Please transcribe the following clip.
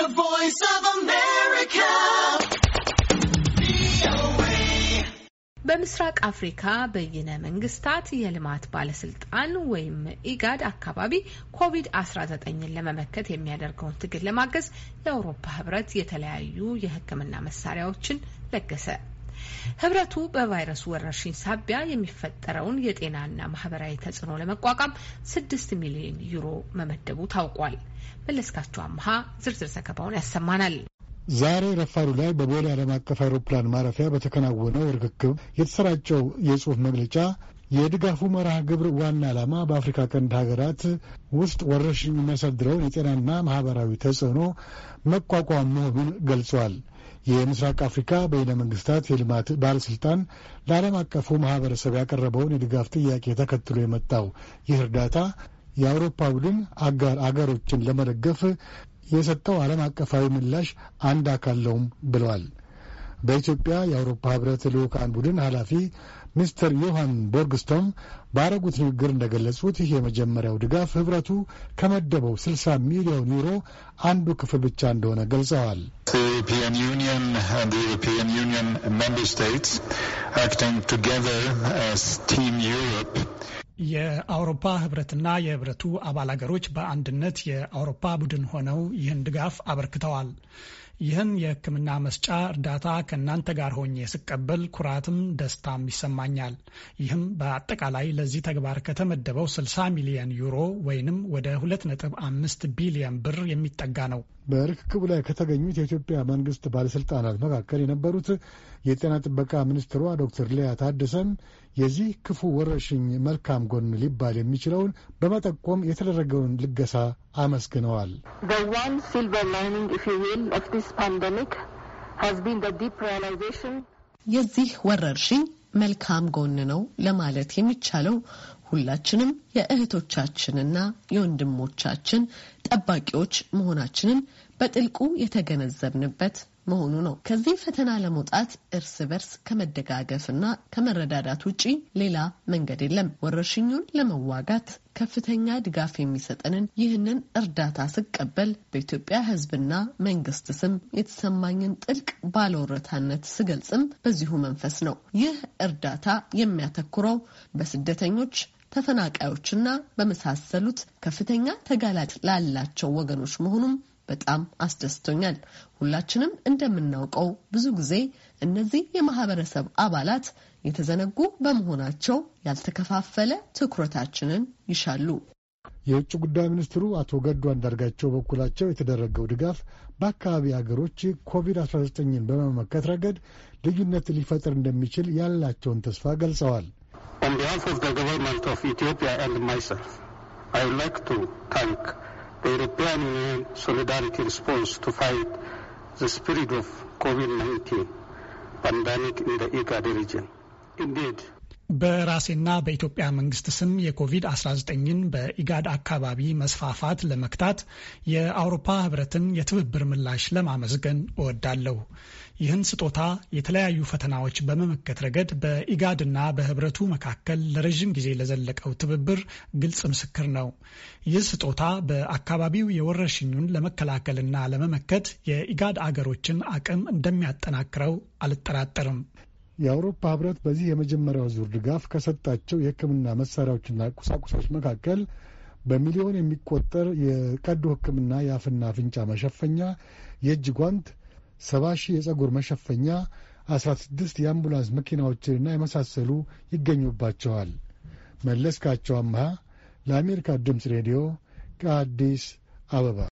The Voice of America. በምስራቅ አፍሪካ በይነ መንግስታት የልማት ባለስልጣን ወይም ኢጋድ አካባቢ ኮቪድ-19ን ለመመከት የሚያደርገውን ትግል ለማገዝ የአውሮፓ ህብረት የተለያዩ የሕክምና መሳሪያዎችን ለገሰ። ህብረቱ በቫይረሱ ወረርሽኝ ሳቢያ የሚፈጠረውን የጤናና ማህበራዊ ተጽዕኖ ለመቋቋም ስድስት ሚሊዮን ዩሮ መመደቡ ታውቋል። መለስካቸው አምሃ ዝርዝር ዘገባውን ያሰማናል። ዛሬ ረፋዱ ላይ በቦሌ ዓለም አቀፍ አውሮፕላን ማረፊያ በተከናወነው ርክክብ የተሰራጨው የጽሑፍ መግለጫ የድጋፉ መርሃ ግብር ዋና ዓላማ በአፍሪካ ቀንድ ሀገራት ውስጥ ወረርሽኝ የሚያሳድረውን የጤናና ማህበራዊ ተጽዕኖ መቋቋም መሆኑን ገልጿል። የምስራቅ አፍሪካ በይነ መንግስታት የልማት ባለስልጣን ለዓለም አቀፉ ማህበረሰብ ያቀረበውን የድጋፍ ጥያቄ ተከትሎ የመጣው ይህ እርዳታ የአውሮፓ ቡድን አጋር አገሮችን ለመደገፍ የሰጠው ዓለም አቀፋዊ ምላሽ አንድ ነውም ብለዋል። በኢትዮጵያ የአውሮፓ ህብረት ልዑካን ቡድን ኃላፊ ሚስተር ዮሐን ቦርግስቶም ባረጉት ንግግር እንደገለጹት ይህ የመጀመሪያው ድጋፍ ህብረቱ ከመደበው 60 ሚሊዮን ዩሮ አንዱ ክፍል ብቻ እንደሆነ ገልጸዋል። የአውሮፓ ህብረትና የህብረቱ አባል አገሮች በአንድነት የአውሮፓ ቡድን ሆነው ይህን ድጋፍ አበርክተዋል። ይህን የሕክምና መስጫ እርዳታ ከእናንተ ጋር ሆኜ ስቀበል ኩራትም ደስታም ይሰማኛል። ይህም በአጠቃላይ ለዚህ ተግባር ከተመደበው 60 ሚሊየን ዩሮ ወይንም ወደ 2.5 ቢሊየን ብር የሚጠጋ ነው። በርክክቡ ላይ ከተገኙት የኢትዮጵያ መንግስት ባለስልጣናት መካከል የነበሩት የጤና ጥበቃ ሚኒስትሯ ዶክተር ሊያ ታደሰም የዚህ ክፉ ወረርሽኝ መልካም ጎን ሊባል የሚችለውን በመጠቆም የተደረገውን ልገሳ አመስግነዋል። የዚህ ወረርሽኝ መልካም ጎን ነው ለማለት የሚቻለው ሁላችንም የእህቶቻችንና የወንድሞቻችን ጠባቂዎች መሆናችንን በጥልቁ የተገነዘብንበት መሆኑ ነው። ከዚህ ፈተና ለመውጣት እርስ በርስ ከመደጋገፍ ና ከመረዳዳት ውጪ ሌላ መንገድ የለም። ወረርሽኙን ለመዋጋት ከፍተኛ ድጋፍ የሚሰጠንን ይህንን እርዳታ ስቀበል በኢትዮጵያ ሕዝብና መንግስት ስም የተሰማኝን ጥልቅ ባለወረታነት ስገልጽም በዚሁ መንፈስ ነው። ይህ እርዳታ የሚያተኩረው በስደተኞች ተፈናቃዮችና በመሳሰሉት ከፍተኛ ተጋላጭ ላላቸው ወገኖች መሆኑም በጣም አስደስቶኛል። ሁላችንም እንደምናውቀው ብዙ ጊዜ እነዚህ የማህበረሰብ አባላት የተዘነጉ በመሆናቸው ያልተከፋፈለ ትኩረታችንን ይሻሉ። የውጭ ጉዳይ ሚኒስትሩ አቶ ገዱ አንዳርጋቸው በኩላቸው የተደረገው ድጋፍ በአካባቢ ሀገሮች ኮቪድ-19ን በመመከት ረገድ ልዩነት ሊፈጥር እንደሚችል ያላቸውን ተስፋ ገልጸዋል። On behalf of the government of Ethiopia the European Union solidarity response to fight the spread of COVID-19 pandemic in the IGAD region. Indeed, በራሴና በኢትዮጵያ መንግስት ስም የኮቪድ-19ን በኢጋድ አካባቢ መስፋፋት ለመክታት የአውሮፓ ህብረትን የትብብር ምላሽ ለማመስገን እወዳለሁ። ይህን ስጦታ የተለያዩ ፈተናዎች በመመከት ረገድ በኢጋድና በህብረቱ መካከል ለረዥም ጊዜ ለዘለቀው ትብብር ግልጽ ምስክር ነው። ይህ ስጦታ በአካባቢው የወረርሽኙን ለመከላከልና ለመመከት የኢጋድ አገሮችን አቅም እንደሚያጠናክረው አልጠራጠርም። የአውሮፓ ህብረት በዚህ የመጀመሪያው ዙር ድጋፍ ከሰጣቸው የህክምና መሳሪያዎችና ቁሳቁሶች መካከል በሚሊዮን የሚቆጠር የቀዶ ህክምና የአፍና አፍንጫ መሸፈኛ፣ የእጅ ጓንት፣ ሰባ ሺህ የጸጉር መሸፈኛ፣ አስራ ስድስት የአምቡላንስ መኪናዎችንና የመሳሰሉ ይገኙባቸዋል። መለስካቸው አምሃ ለአሜሪካ ድምፅ ሬዲዮ ከአዲስ አበባ